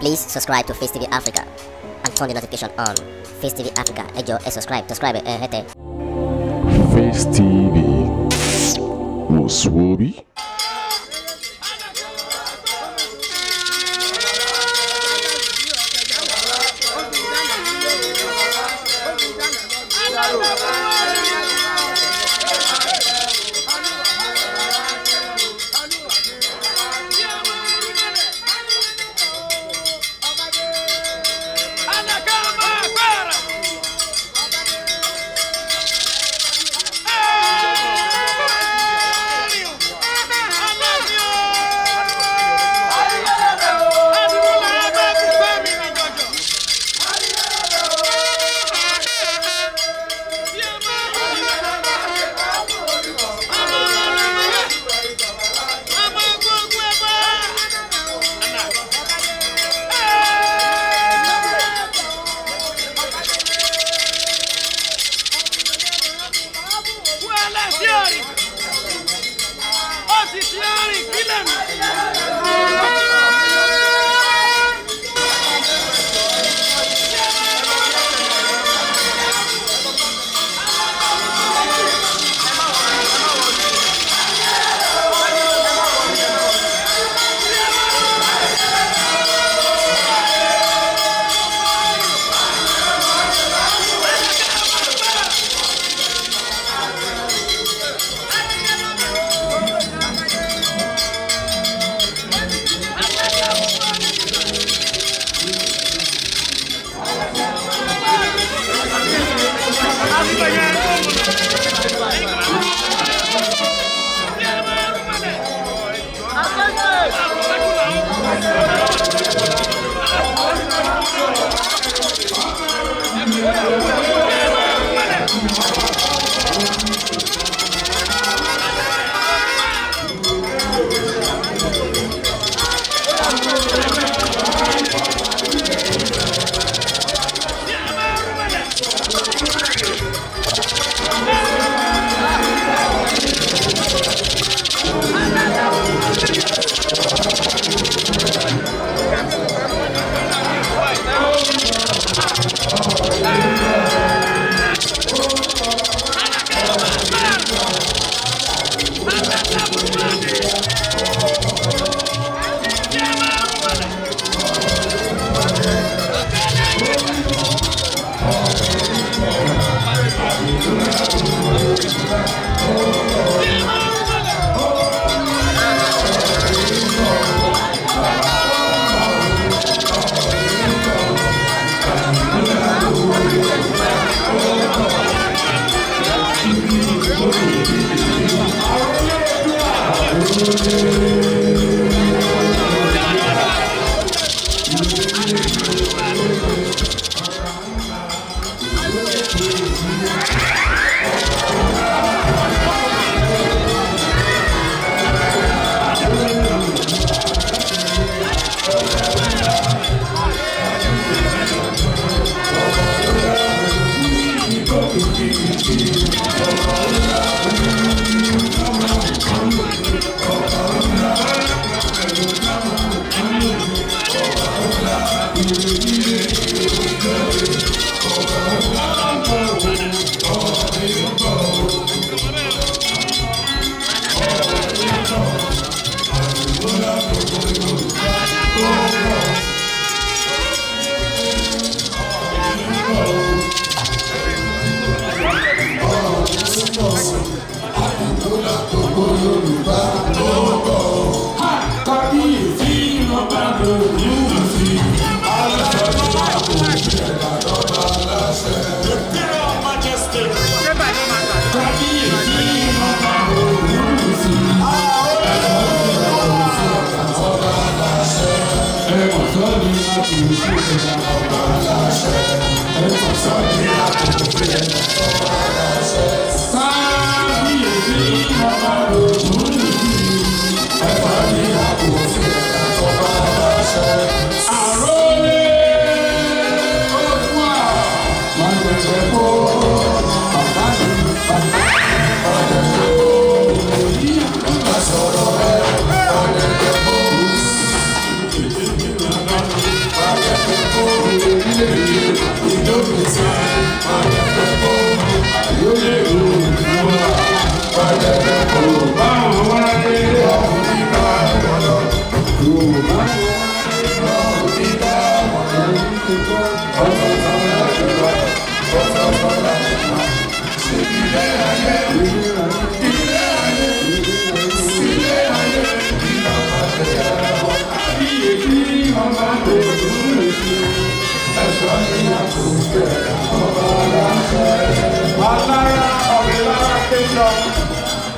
Please subscribe to Face TV Africa and turn the notification on. Face TV Africa, ẹ jọ̀ọ́ ẹ subscribe, subscribe eh? Face TV, wò Bella Fiori! Oggi Fiori, chi l'ha? Música Sáà bí èsì ọmọ lòó.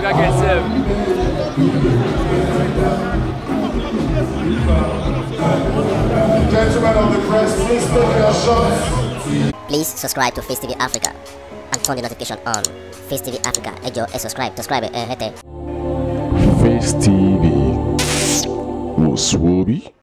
jogo agressivo. Please subscribe to Face TV Africa and turn the notification on. Face TV Africa, hey yo, hey, subscribe, subscribe, eh, hey, Face TV, Muswobi.